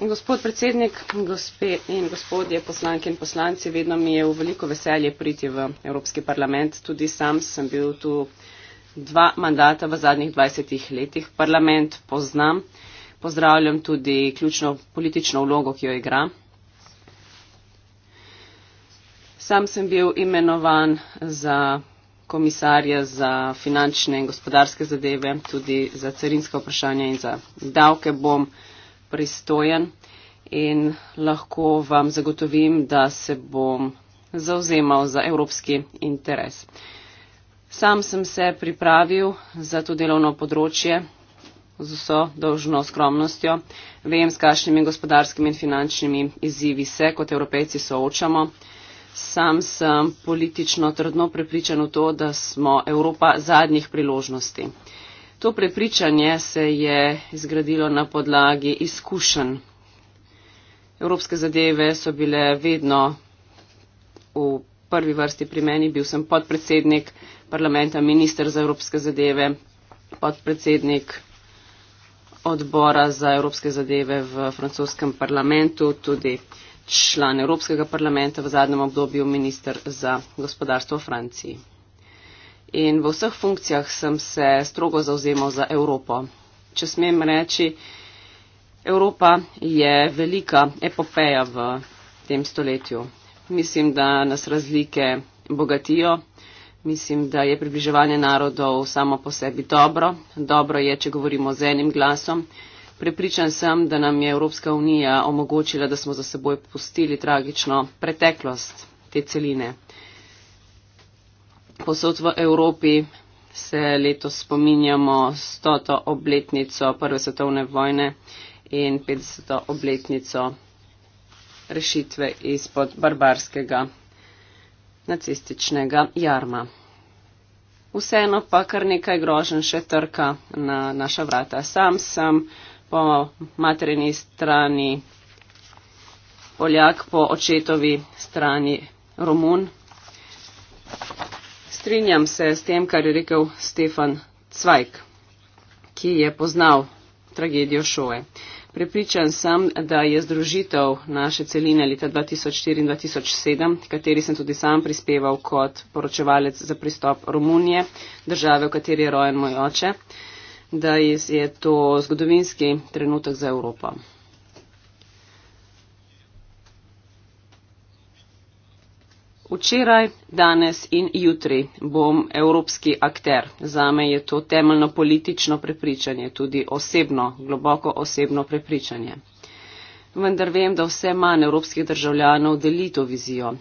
Gospod predsednik, gospe in gospodje poslanke in poslanci, vedno mi je v veliko veselje priti v Evropski parlament. Tudi sam sem bil tu dva mandata v zadnjih 20 letih. Parlament poznam, pozdravljam tudi ključno politično vlogo, ki jo igra. Sam sem bil imenovan za komisarja za finančne in gospodarske zadeve, tudi za carinska vprašanja in za davke bom pristojen in lahko vam zagotovim, da se bom zauzemal za evropski interes. Sam sem se pripravil za to delovno področje z vso dolžno skromnostjo. Vem, s kakšnimi gospodarskimi in finančnimi izzivi se kot evropejci soočamo sam sem politično trdno prepričan v to, da smo Evropa zadnjih priložnosti. To prepričanje se je zgradilo na podlagi izkušenj. Evropske zadeve so bile vedno v prvi vrsti pri meni. Bil sem podpredsednik parlamenta, minister za evropske zadeve, podpredsednik odbora za evropske zadeve v francoskem parlamentu, tudi član Evropskega parlamenta v zadnjem obdobju minister za gospodarstvo v Franciji. In v vseh funkcijah sem se strogo zauzemal za Evropo. Če smem reči, Evropa je velika epopeja v tem stoletju. Mislim, da nas razlike bogatijo, mislim, da je približevanje narodov samo po sebi dobro. Dobro je, če govorimo z enim glasom. Prepričan sem, da nam je Evropska unija omogočila, da smo za seboj pustili tragično preteklost te celine. Posod v Evropi se letos spominjamo 100. obletnico Prve svetovne vojne in 50. obletnico rešitve izpod barbarskega nacističnega jarma. Vseeno pa kar nekaj grožen še trka na naša vrata. Sam sem po materini strani Poljak, po očetovi strani Romun. Strinjam se s tem, kar je rekel Stefan Cvajk, ki je poznal tragedijo šoje. Prepričan sem, da je združitev naše celine leta 2004 in 2007, kateri sem tudi sam prispeval kot poročevalec za pristop Romunije, države, v kateri je rojen moj oče, da je to zgodovinski trenutek za Evropo. Včeraj, danes in jutri bom evropski akter. Zame je to temeljno politično prepričanje, tudi osebno, globoko osebno prepričanje. Vendar vem, da vse manj evropskih državljanov deli to vizijo.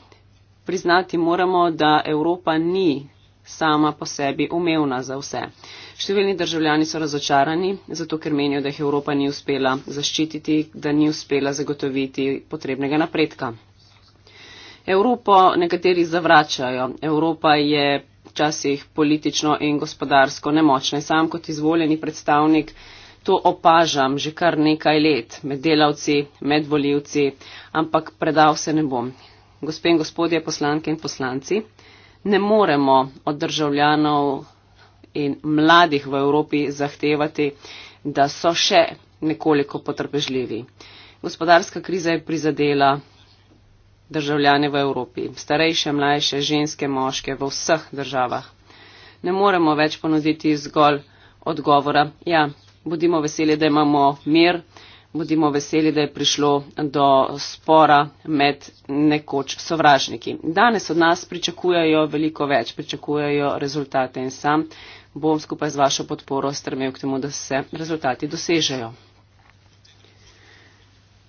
Priznati moramo, da Evropa ni sama po sebi umevna za vse. Številni državljani so razočarani, zato ker menijo, da jih Evropa ni uspela zaščititi, da ni uspela zagotoviti potrebnega napredka. Evropo nekateri zavračajo. Evropa je včasih politično in gospodarsko nemočna. Sam kot izvoljeni predstavnik to opažam že kar nekaj let med delavci, med voljivci, ampak predal se ne bom. Gospe in gospodje, poslanke in poslanci ne moremo od državljanov in mladih v Evropi zahtevati, da so še nekoliko potrpežljivi. Gospodarska kriza je prizadela državljane v Evropi, starejše, mlajše, ženske, moške v vseh državah. Ne moremo več ponuditi zgolj odgovora, ja, bodimo veseli, da imamo mir, bodimo veseli, da je prišlo do spora med nekoč sovražniki. Danes od nas pričakujejo veliko več, pričakujejo rezultate in sam bom skupaj z vašo podporo strmel k temu, da se rezultati dosežejo.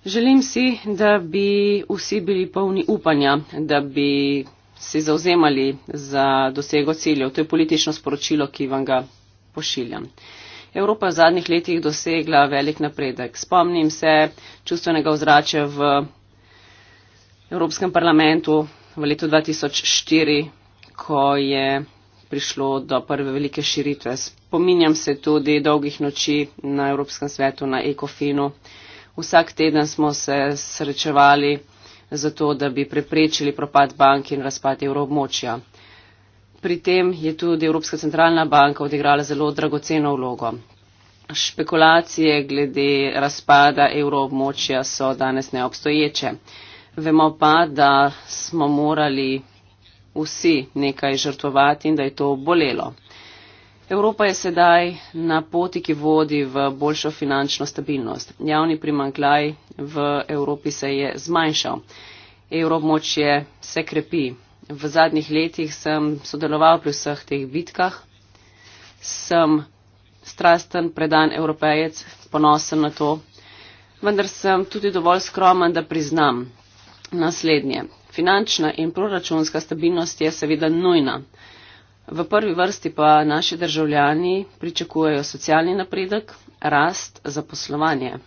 Želim si, da bi vsi bili polni upanja, da bi se zauzemali za dosego ciljev. To je politično sporočilo, ki vam ga pošiljam. Evropa v zadnjih letih dosegla velik napredek. Spomnim se čustvenega ozrače v Evropskem parlamentu v letu 2004, ko je prišlo do prve velike širitve. Spominjam se tudi dolgih noči na Evropskem svetu, na ECOFINu. Vsak teden smo se srečevali zato, da bi preprečili propad bank in razpad evroobmočja. Pri tem je tudi Evropska centralna banka odigrala zelo dragoceno vlogo. Špekulacije glede razpada evroobmočja so danes neobstoječe. Vemo pa, da smo morali vsi nekaj žrtvovati in da je to bolelo. Evropa je sedaj na poti, ki vodi v boljšo finančno stabilnost. Javni primankljaj v Evropi se je zmanjšal. Evroobmočje se krepi v zadnjih letih sem sodeloval pri vseh teh bitkah. Sem strasten, predan evropejec, ponosen na to. Vendar sem tudi dovolj skromen, da priznam naslednje. Finančna in proračunska stabilnost je seveda nujna. V prvi vrsti pa naši državljani pričakujejo socialni napredek, rast, zaposlovanje.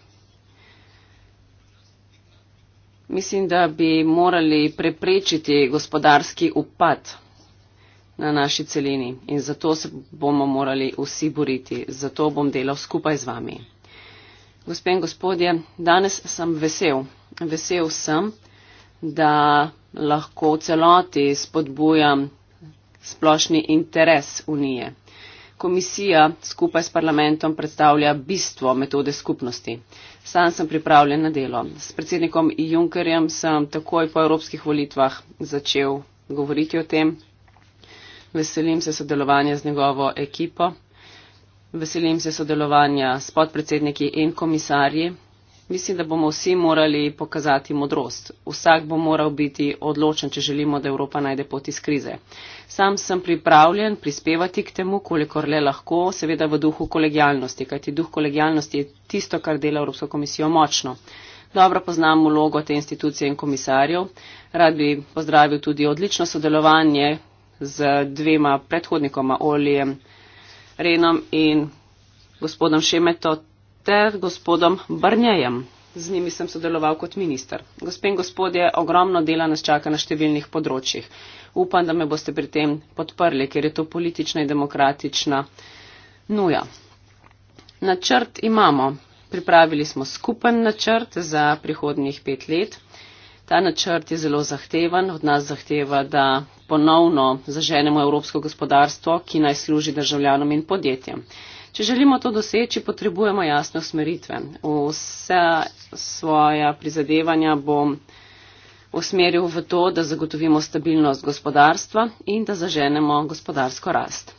Mislim, da bi morali preprečiti gospodarski upad na naši celini in zato se bomo morali vsi boriti. Zato bom delal skupaj z vami. Gospen gospodje, danes sem vesel. Vesel sem, da lahko v celoti spodbujam splošni interes Unije komisija skupaj s parlamentom predstavlja bistvo metode skupnosti. Sam sem pripravljen na delo. S predsednikom Junckerjem sem takoj po evropskih volitvah začel govoriti o tem. Veselim se sodelovanja z njegovo ekipo. Veselim se sodelovanja s podpredsedniki in komisarji. Mislim, da bomo vsi morali pokazati modrost. Vsak bo moral biti odločen, če želimo, da Evropa najde pot iz krize. Sam sem pripravljen prispevati k temu, kolikor le lahko, seveda v duhu kolegijalnosti, kajti duh kolegijalnosti je tisto, kar dela Evropsko komisijo močno. Dobro poznam vlogo te institucije in komisarjev. Rad bi pozdravil tudi odlično sodelovanje z dvema predhodnikoma, Olijem Renom in gospodom Šemetom ter gospodom Brnjejem. Z njimi sem sodeloval kot minister. Gospe in gospodje, ogromno dela nas čaka na številnih področjih. Upam, da me boste pri tem podprli, ker je to politična in demokratična nuja. Načrt imamo. Pripravili smo skupen načrt za prihodnjih pet let. Ta načrt je zelo zahteven. Od nas zahteva, da ponovno zaženemo evropsko gospodarstvo, ki naj služi državljanom in podjetjem. Če želimo to doseči, potrebujemo jasne usmeritve. Vse svoja prizadevanja bom usmeril v to, da zagotovimo stabilnost gospodarstva in da zaženemo gospodarsko rast.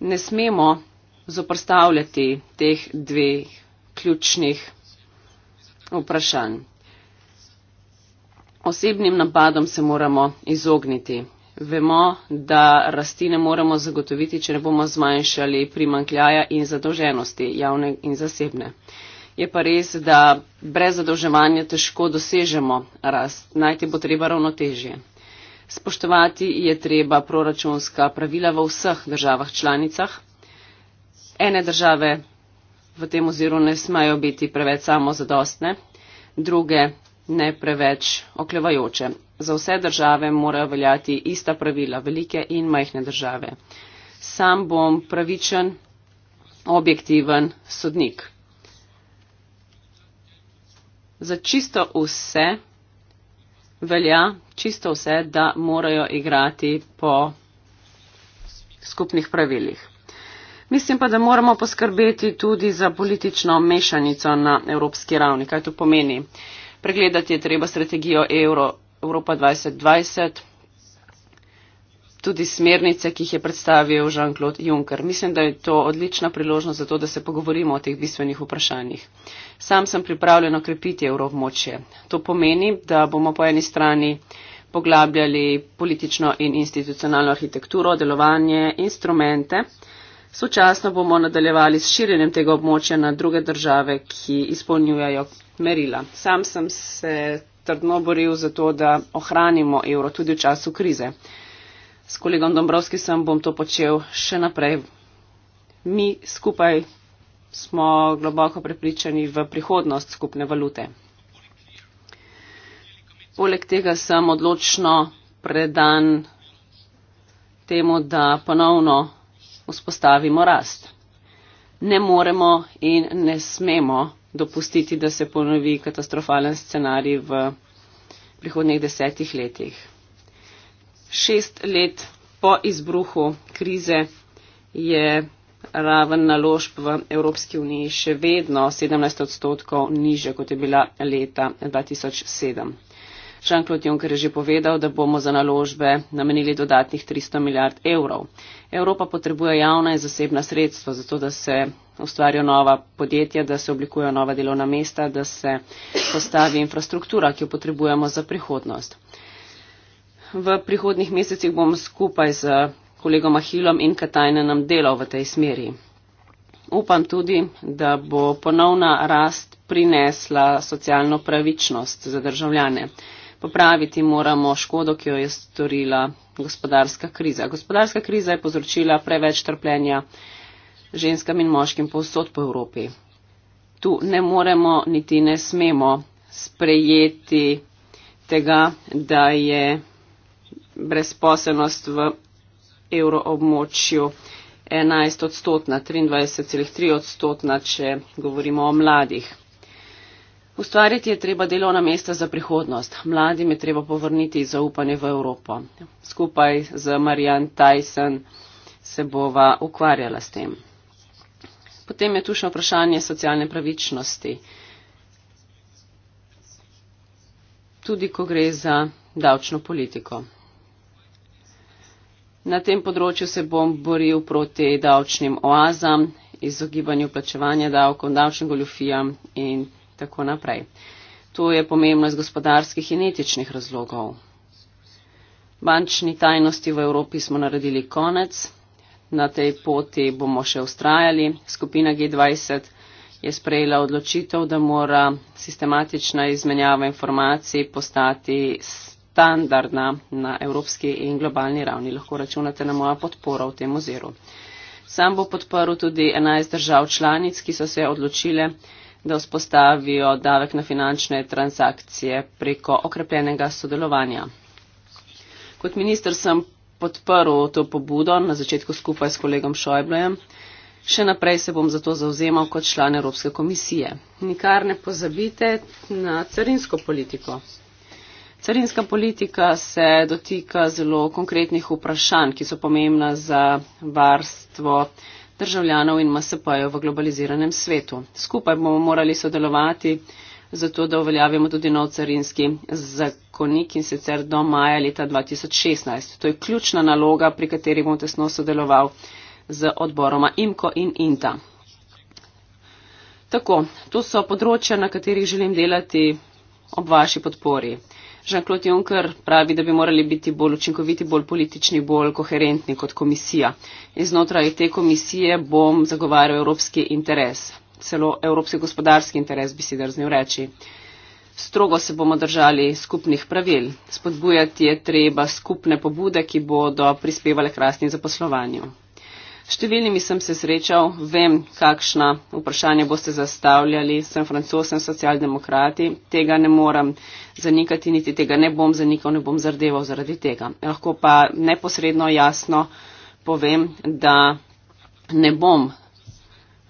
Ne smemo zoprstavljati teh dveh ključnih vprašanj. Osebnim napadom se moramo izogniti vemo, da rasti ne moremo zagotoviti, če ne bomo zmanjšali primankljaja in zadolženosti javne in zasebne. Je pa res, da brez zadolževanja težko dosežemo rast, najti bo treba ravnotežje. Spoštovati je treba proračunska pravila v vseh državah članicah. Ene države v tem oziru ne smajo biti preveč samozadostne, druge ne preveč oklevajoče. Za vse države morajo veljati ista pravila, velike in majhne države. Sam bom pravičen, objektiven sodnik. Za čisto vse velja, čisto vse, da morajo igrati po skupnih pravilih. Mislim pa, da moramo poskrbeti tudi za politično mešanico na evropski ravni. Kaj to pomeni? Uh, pregledati je treba strategijo Euro, Evropa 2020, tudi smernice, ki jih je predstavil Jean-Claude Juncker. Mislim, da je to odlična priložnost za to, da se pogovorimo o teh bistvenih vprašanjih. Sam sem pripravljen okrepiti evroobmočje. To pomeni, da bomo po eni strani poglabljali politično in institucionalno arhitekturo, delovanje, instrumente. Sočasno bomo nadaljevali s širjenjem tega območja na druge države, ki izpolnjujejo merila. Sam sem se trdno boril za to, da ohranimo evro tudi v času krize. S kolegom Dombrovski sem bom to počel še naprej. Mi skupaj smo globoko prepričani v prihodnost skupne valute. Poleg tega sem odločno predan temu, da ponovno vzpostavimo rast. Ne moremo in ne smemo dopustiti, da se ponovi katastrofalen scenarij v prihodnjih desetih letih. Šest let po izbruhu krize je raven naložb v Evropski uniji še vedno 17 odstotkov niže, kot je bila leta 2007. Jean-Claude Juncker je že povedal, da bomo za naložbe namenili dodatnih 300 milijard evrov. Evropa potrebuje javna in zasebna sredstva, zato da se ustvarijo nova podjetja, da se oblikujejo nova delovna mesta, da se postavi infrastruktura, ki jo potrebujemo za prihodnost. V prihodnih mesecih bom skupaj z kolegom Ahilom in Katajnenom delal v tej smeri. Upam tudi, da bo ponovna rast prinesla socialno pravičnost za državljane. Popraviti moramo škodo, ki jo je storila gospodarska kriza. Gospodarska kriza je povzročila preveč trpljenja ženskam in moškim povsod po Evropi. Tu ne moremo niti ne smemo sprejeti tega, da je brezposelnost v evroobmočju 11 odstotna, 23,3 odstotna, če govorimo o mladih. Ustvariti je treba delovna mesta za prihodnost. Mladim je treba povrniti zaupanje v Evropo. Skupaj z Marian Tyson se bova ukvarjala s tem. Potem je tu še vprašanje socialne pravičnosti. Tudi ko gre za davčno politiko. Na tem področju se bom boril proti davčnim oazam, izogibanju plačevanja davkov, davčnim goljufijam in tako naprej. To je pomembno iz gospodarskih in etičnih razlogov. Bančni tajnosti v Evropi smo naredili konec, na tej poti bomo še ustrajali. Skupina G20 je sprejela odločitev, da mora sistematična izmenjava informacij postati standardna na evropski in globalni ravni. Lahko računate na mojo podporo v tem oziru. Sam bo podporil tudi 11 držav članic, ki so se odločile da vzpostavijo davek na finančne transakcije preko okrepljenega sodelovanja. Kot minister sem podprl to pobudo na začetku skupaj s kolegom Šojblejem. Še naprej se bom zato zauzemal kot član Evropske komisije. Nikar ne pozabite na carinsko politiko. Carinska politika se dotika zelo konkretnih vprašanj, ki so pomembna za varstvo državljanov in MSP-jev v globaliziranem svetu. Skupaj bomo morali sodelovati zato, da uveljavimo tudi nov carinski zakonik in sicer do maja leta 2016. To je ključna naloga, pri kateri bom tesno sodeloval z odboroma IMKO in INTA. Tako, to so področja, na katerih želim delati ob vaši podpori. Žan-Klot Juncker pravi, da bi morali biti bolj učinkoviti, bolj politični, bolj koherentni kot komisija. In znotraj te komisije bom zagovarjal evropski interes, celo evropski gospodarski interes bi si drznil reči. Strogo se bomo držali skupnih pravil. Spodbujati je treba skupne pobude, ki bodo prispevale k rasti in zaposlovanju številnimi sem se srečal, vem, kakšna vprašanja boste zastavljali, sem francos, sem socialdemokrati, tega ne moram zanikati, niti tega ne bom zanikal, ne bom zardeval zaradi tega. Lahko pa neposredno jasno povem, da ne bom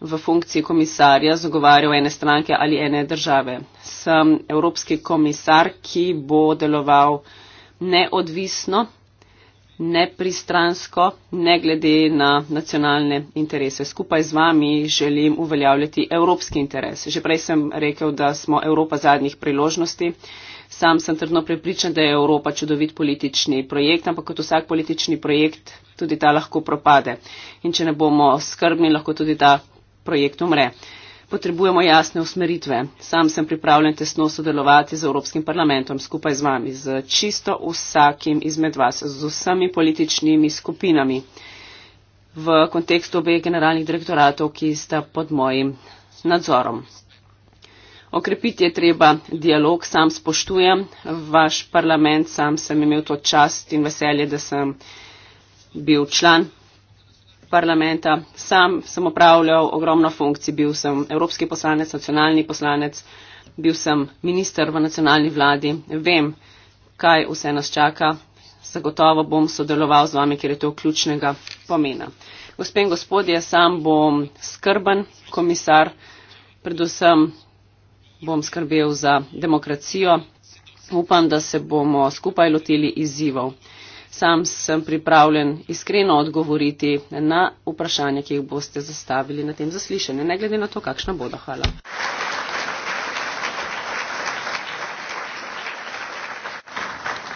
v funkciji komisarja zagovarjal ene stranke ali ene države. Sem evropski komisar, ki bo deloval neodvisno nepristransko, ne glede na nacionalne interese. Skupaj z vami želim uveljavljati evropski interes. Že prej sem rekel, da smo Evropa zadnjih priložnosti. Sam sem trdno prepričan, da je Evropa čudovit politični projekt, ampak kot vsak politični projekt, tudi ta lahko propade. In če ne bomo skrbni, lahko tudi ta projekt umre potrebujemo jasne usmeritve. Sam sem pripravljen tesno sodelovati z Evropskim parlamentom skupaj z vami, z čisto vsakim izmed vas, z vsemi političnimi skupinami v kontekstu obeh generalnih direktoratov, ki sta pod mojim nadzorom. Okrepiti je treba dialog, sam spoštujem vaš parlament, sam sem imel to čast in veselje, da sem bil član parlamenta. Sam sem opravljal ogromno funkcij, bil sem evropski poslanec, nacionalni poslanec, bil sem minister v nacionalni vladi. Vem, kaj vse nas čaka. Zagotovo bom sodeloval z vami, ker je to ključnega pomena. Gospe in gospodje, sam bom skrben komisar, predvsem bom skrbel za demokracijo. Upam, da se bomo skupaj lotili izzivov sam sem pripravljen iskreno odgovoriti na vprašanje, ki jih boste zastavili na tem zaslišanju, ne glede na to, kakšna bodo. Hvala.